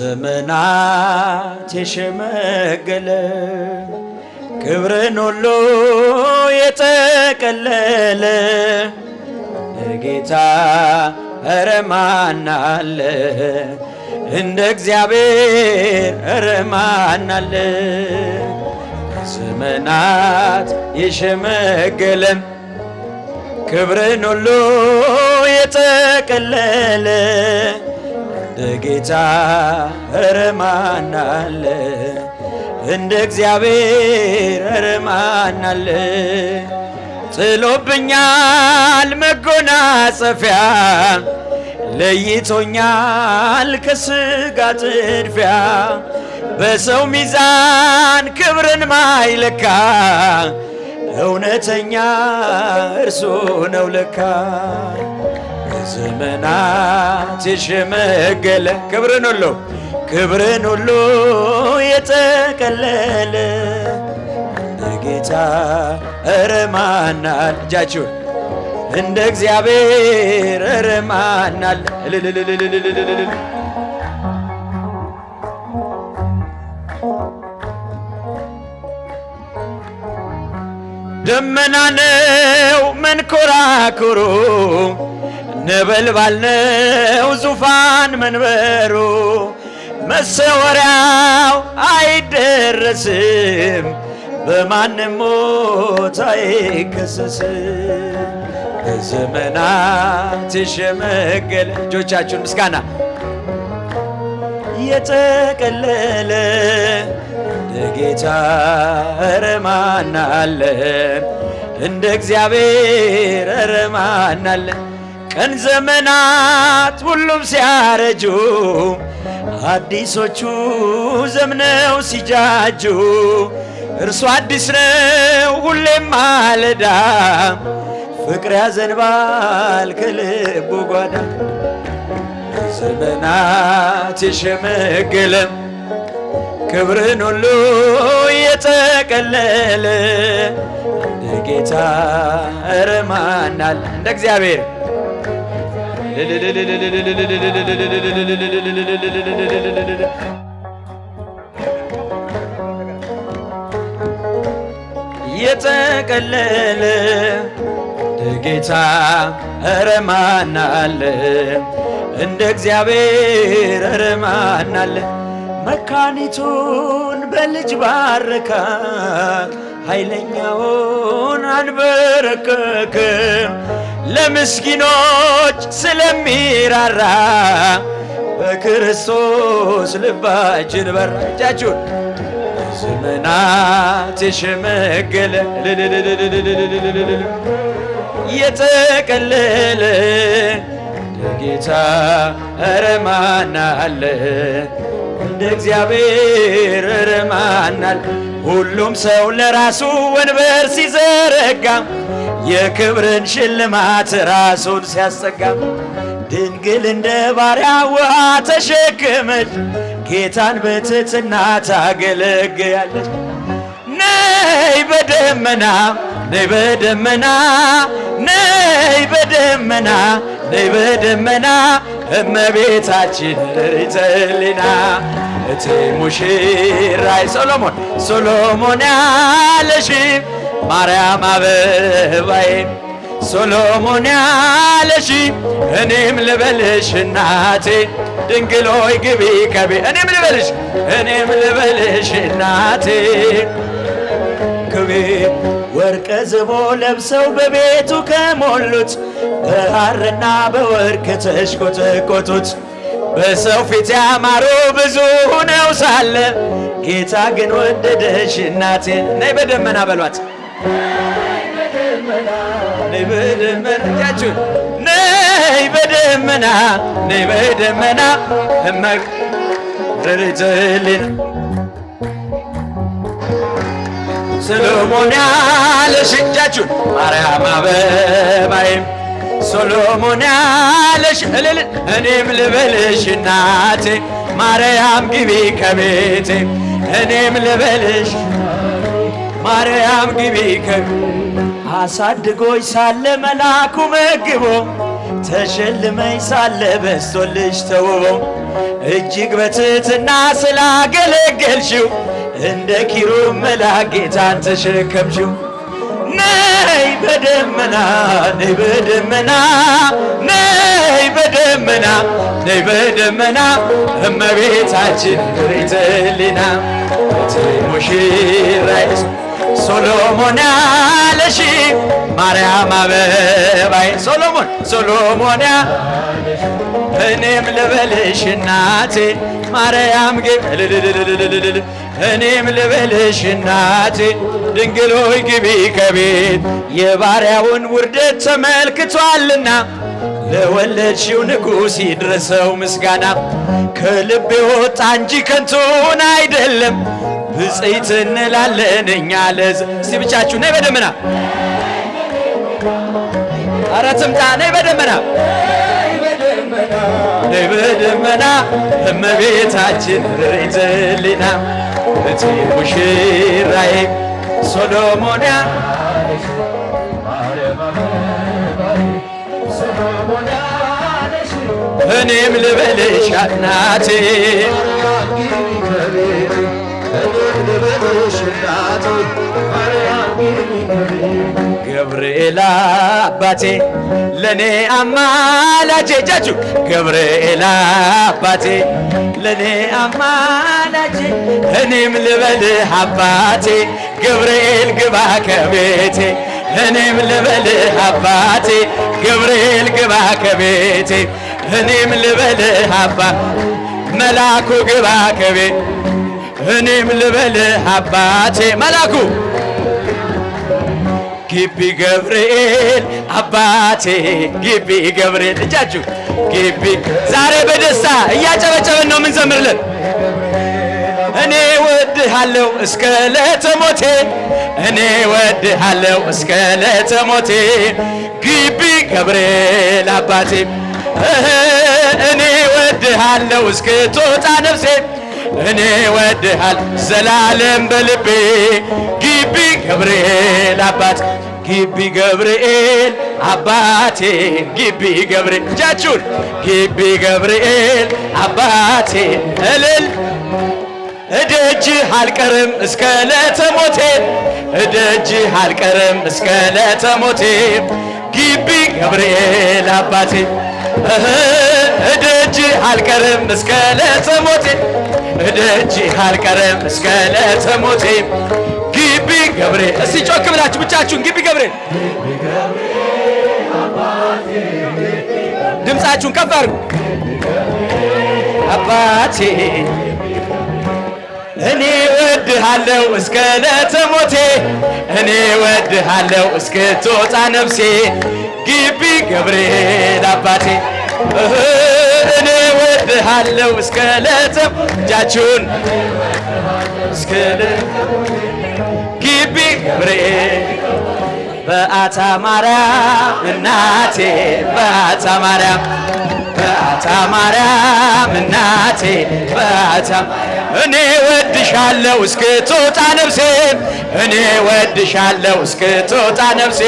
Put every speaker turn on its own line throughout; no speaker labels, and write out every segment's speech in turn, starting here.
ዘመናት የሸመገለ ክብርን ሁሉ የጠ ተቀለለ ለጌታ እረ ማን አለ እንደ እግዚአብሔር እረ ማን አለ ዘመናት የሸመገለ ክብርን ሁሉ የተቀለለ እንደ ጌታ እረ ማን አለ እንደ እግዚአብሔር እረ ማን አለ ጥሎብኛል መጎናጸፊያ ለይቶኛል ከስጋ ጥድፊያ በሰው ሚዛን ክብርን ማይለካ እውነተኛ እርሱ ነው ለካ በዘመናት የሸመገለ ክብርን ሁሉ ክብርን ሁሉ የጠቀለለ ጌታ እርማናል እጃችሁን እንደ እግዚአብሔር እርማናል ደመና ነው መንኮራኩሩ ነበልባል ነው ዙፋን መንበሩ መሰወሪያው አይደረስም በማንም ሞት አይከሰስ በዘመናት የሸመገለ እጆቻችሁን ምስጋና የጠቀለለ እንደ ጌታ ኧረ እንደ እግዚአብሔር ኧረ ቀን ዘመናት ሁሉም ሲያረጁ አዲሶቹ ዘምነው ሲጃጁ እርሱ አዲስ ነው ሁሌም ማለዳ ፍቅር ያዘንባል ከልቡ ጓዳ ዘመናት የሸመገለም ክብርን ሁሉ እየጠቀለለ እንደ ጌታ ኧረ እንደ እግዚአብሔር የጠቀለለ ድጌታ እረማናለ እንደ እግዚአብሔር እረማናለ መካኒቱን በልጅ ባረካት፣ ኃይለኛውን አንበረከክም። ለምስኪኖች ስለሚራራ በክርስቶስ ልባችን በራ እጃችሁን ዘመናት የሸመገለ የጠቀለለ እንደ ጌታ እረ ማን አለ? እንደ እግዚአብሔር እረ ማን አለ? ሁሉም ሰው ለራሱ ወንበር ሲዘረጋ የክብርን ሽልማት ራሱን ሲያስጠጋ ድንግል እንደ ባሪያ ውሃ ተሸክመች ጌታን በትትና ታገለግያለች። ነይ በደመና ነይ በደመና ነይ በደመና ነይ በደመና እመቤታችን ሪተሊና እቲ ሙሽራይ ሶሎሞን ሶሎሞን ያለሽ ማርያም አበባዬ ሶሎሞን ያለሽ እኔም ልበልሽ እናቴ ድንግሎይ ሆይ ግቢ ከቤ እኔም ልበልሽ እኔም ልበልሽ እናቴ ክቤ ወርቀ ዝቦ ለብሰው በቤቱ ከሞሉት በሐርና በወርቅ ተሽቆጠቆጡት በሰው ፊት ያማሩ ብዙ ሆነው ሳለ ጌታ ግን ወደደሽ እናቴ ነይ በደመና በሏት ነይ በደመና እጃችሁ ነይ በደመና ነይ በደመና እመቅ ዘልዘልን ሰሎሞን ያለሽ እጃችሁ ማርያም አበባይም ሶሎሞን ያለሽ እልል እኔም ልበልሽ እናቴ ማርያም ግቢ ከቤቴ እኔም ልበልሽ ማርያም ግቢ ከቤቴ አሳድጎች ሳለ መላኩ መግቦ ተሸልመኝ ሳለ በስቶልሽ ተውቦ እጅግ በትህትና ስላገለገልሽው እንደ ኪሩ መላጌታን ጌታን ተሸከምሽው። ነይ በደመና ነይ በደመና ነይ በደመና ነይ በደመና እመቤታችን ሪትልና ቴሞሽ ሶሎሞን ያለሽ ማርያም አበባይ ሶሎሞን ሶሎሞን እኔም ልበልሽ እናቴ ማርያም ግቢ እኔም ልበልሽ እናቴ ድንግል ሆይ ግቢ ከቤት የባሪያውን ውርደት ተመልክቷልና ለወለድሽው ንጉሥ ይድረሰው ምስጋና ከልብ የወጣ እንጂ ከንቱን አይደለም ብፅዕት እንላለን እኛ ለዝ እስቲ ብቻችሁ ነይ በደመና አረ ትምጣ ነይ በደመና ነይ በደመና እመቤታችን ርኢትሊና እቲ ሙሽራዬ ሶሎሞንያ እኔም ልበልሽ እናቴ ብርሃቱ ገብርኤል አባቴ ለኔ አማላጄ ጃጁ ገብርኤል አባቴ ለኔ አማላጄ እኔም ልበል አባቴ ገብርኤል ግባ ከቤቴ እኔም ልበል አባቴ ገብርኤል ግባ ከቤቴ እኔም ልበል አባ መላኩ ግባ ከቤቴ እኔም ልበል አባቴ መላኩ ግቢ ገብርኤል አባቴ ግቢ ገብርኤል እጃችሁ ግቢ ዛሬ በደስታ እያጨበጨበን ነው የምንዘምርለን። እኔ ወድሃለው እስከ ለተሞቴ እኔ ወድሃለው እስከ ለተሞቴ ግቢ ገብርኤል አባቴ እኔ ወድሃለው እስከ ቶጣ ነፍሴ እኔ ወድሃል ዘላለም በልቤ ግቢ ገብርኤል አባት ግቢ ገብርኤል አባቴ ግቢ ገብርኤል እጃችሁን ግቢ ገብርኤል አባቴ እልል እደጅ አልቀርም እስከ ለተሞቴ እደጅ አልቀርም እስከ ለተሞቴ ግቢ ገብርኤል አባቴ እደጅ አልቀርም እስከ ለተሞቴ እደጅ አልቀርም እስከ ለተሞቴ ግቢ ገብሬ እስቲ ጮክ ብላችሁ ብቻችሁን ግቢ ገብሬ ድምፃችሁን ከፍ አድርጉ።
አባቴ
እኔ ወድሃለው እስከ ሞቴ እኔ ወድሃለው እስክትወጣ ነፍሴ ግቢ ገብርኤል አባቴ እኔ ወድሃለው እስከ ለዘብ እጃችሁን እስከ ግቢ ብሬ በአታ ማርያም እናቴ በአታ ማርያም በአታ ማርያም እናቴ በአታ እኔ ወድሻለው እስክትወጣ ነፍሴ እኔ ወድሻለው እስክትወጣ ነፍሴ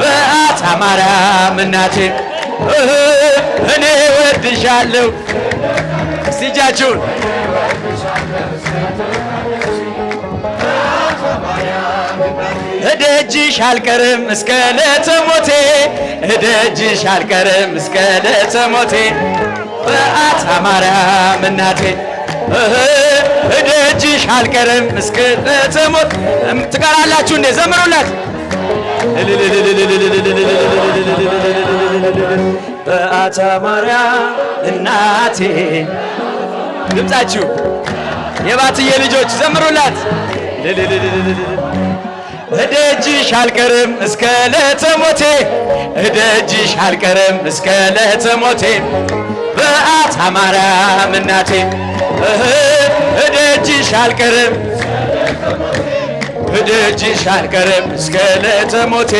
በአታ ማርያም እናቴ እኔ ወድሻለሁ። እጃችሁን እደጅሽ አልቀርም እስከ ዕለተ ሞቴ እደጅሽ አልቀርም እስከ ዕለተ ሞቴ በአታ ማርያም እናቴ እደጅሽ አልቀርም እስከ ዕለተ ሞቴ። ትቀራላችሁ እንዴ? ዘምሩላት በአታ ማርያም እናቴ ድምፃችሁ የባትዬ ልጆች ዘምሩላት። እደጅሽ አልቀርም እስከ ለተሞቴ እደጅሽ አልቀርም እስከ ለተሞቴ በአታ ማርያም እናቴ እደጅሽ አልቀርም ደጅሽ አልቀርም እስከ ዕለተ ሞቴ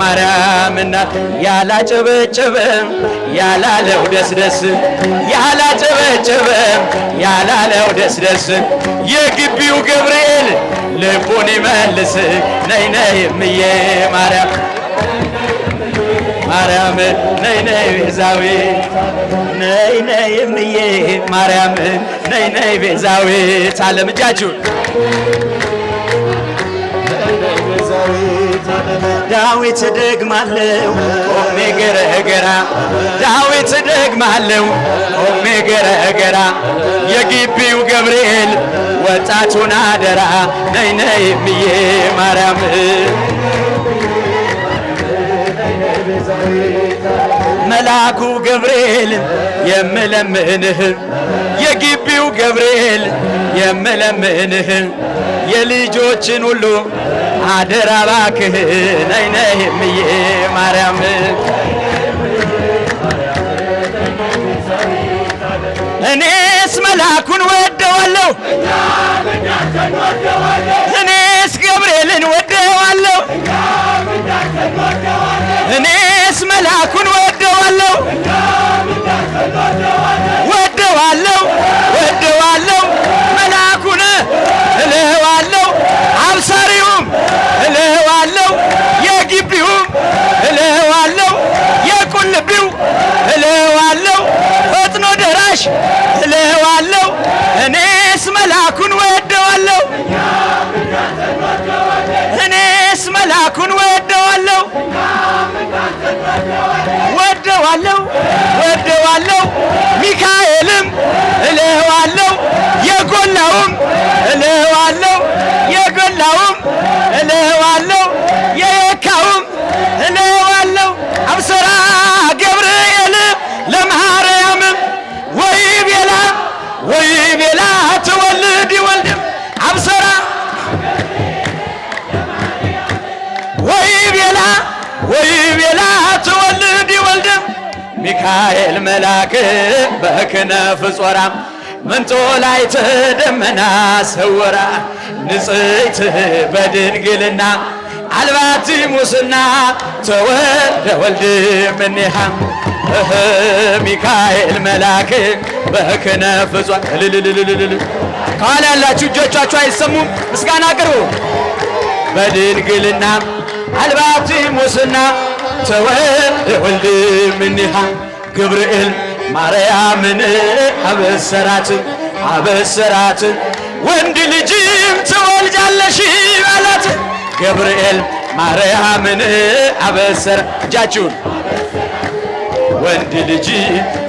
ማርያም እናት ያላጨበጨበም ያላለው ደስደስ ደስ ያላጨበጨበም ያላለው ደስ ደስ የግቢው ገብርኤል ልቡን ይመልስ ነይ ነይ እምዬ ማርያም ማርያም ነይ ነይ ቤዛዊ ነይ ነይ እምዬ ማርያም ነይ ነይ ቤዛዊ ታለም እጃችሁን ዳዊት ደግማለው ቆሜ ገረገራ ዳዊት ደግማለው ቆሜ ገረገራ የግቢው ገብርኤል ወጣቱን አደራ ነይ ነይ እምዬ ማርያም መልአኩ ገብርኤል የምለምንህ የግቢው ገብርኤል የምለምንህ የልጆችን ሁሉ አደራ እባክህ ነይ ነይ እምዬ ማርያም አምላኩን ወደዋለሁ ወደዋለሁ ወደዋለው ወደዋለው ሚካኤልም እልህዋለው የጎላውም እልህዋለው የጎላውም እልህዋለው ሚካኤል መልአክ በክነፍ ጾራ ምንጦ ላይ ትደመና ሰወራ ንጽሕት በድንግልና አልባቲ ሙስና ተወልደ ወልድ እምኔሃ ሚካኤል መልአክ በክነፍ ጾራ ልልልልልል ከኋላ ያላችሁ እጆቻችሁ አይሰሙም? ምስጋና ቅርቡ በድንግልና አልባቲ ሙስና ተወልደ ወልድ እምኔሃ ገብርኤል ማርያምን አበሰራት አበሰራት ወንድ ልጅም ትወልጃለሽ አላት። ገብርኤል ማርያምን አበሰረ እጃችሁን ወንድ ልጅ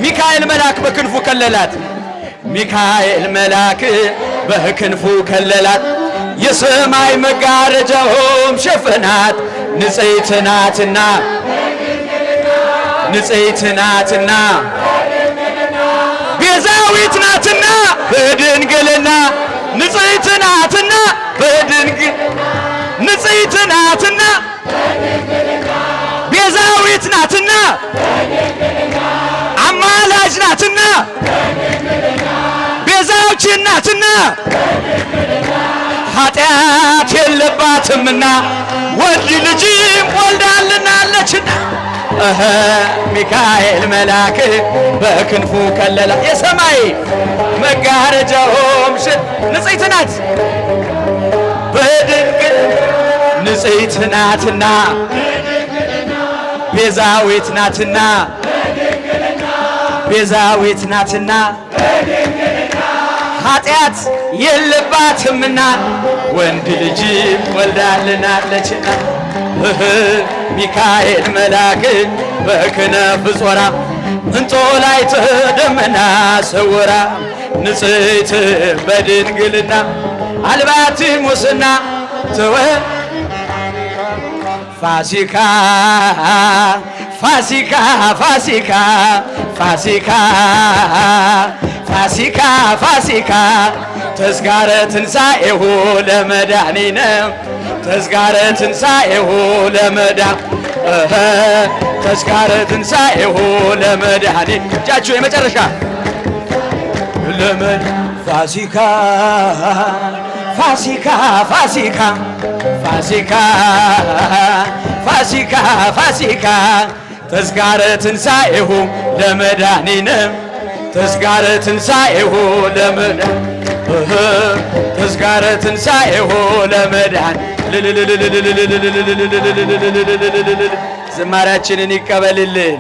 ሚካኤል መልአክ በክንፉ ከለላት። ሚካኤል መልአክ በክንፉ ከለላት። የሰማይ መጋረጃውም ሸፈናት ንጽሕት ናትና ንጽሕት ናትና ቤዛዊት ናትና በድንግልና ንጽሕት ናትና በድንግ ንጽሕት ናትና ቤዛዊት ናትና አማላጅ ናትና ቤዛችን ናትና ኃጢአት የለባትምና ወንድ ልጅም ወልዳልናለችና እኸ ሚካኤል መልአክ በክንፉ ከለላ የሰማይ መጋረጃውም ንጽሕት ናት በድንግል ንጽሕት ናትና ቤዛዊት ናትና ቤዛዊት ናትና ኃጢአት የለባትምና ወንድ ልጅ ወልዳልናለችና ሚካኤል መላክ በክነፍ ጾራ ላይ ደመና ስውራ ንጽት በድንግልና አልባቲ ሙስና ዘወ ፋሲካ ፋሲካ ፋሲካ ፋሲካ ፋሲካ ፋሲካ ተዝካረ ትንሣኤሁ ለመድኃኒነ ተዝካረ ትንሣኤሁ ለመድኃኒ ተዝካረ ትንሣኤሁ ለመድኃኒ እጃችሁ የመጨረሻ ለመድ ፋሲካ ፋሲካ ፋሲካ ፋሲካ ፋሲካ ፋሲካ ተስጋረ ትንሣኤሁ ለመድኃኒነ ተዝካረ ትንሣኤሁ ለመድ ተዝካረ ትንሣኤሁ ለመድኃኒ ዝማሪያችንን ይቀበልልን።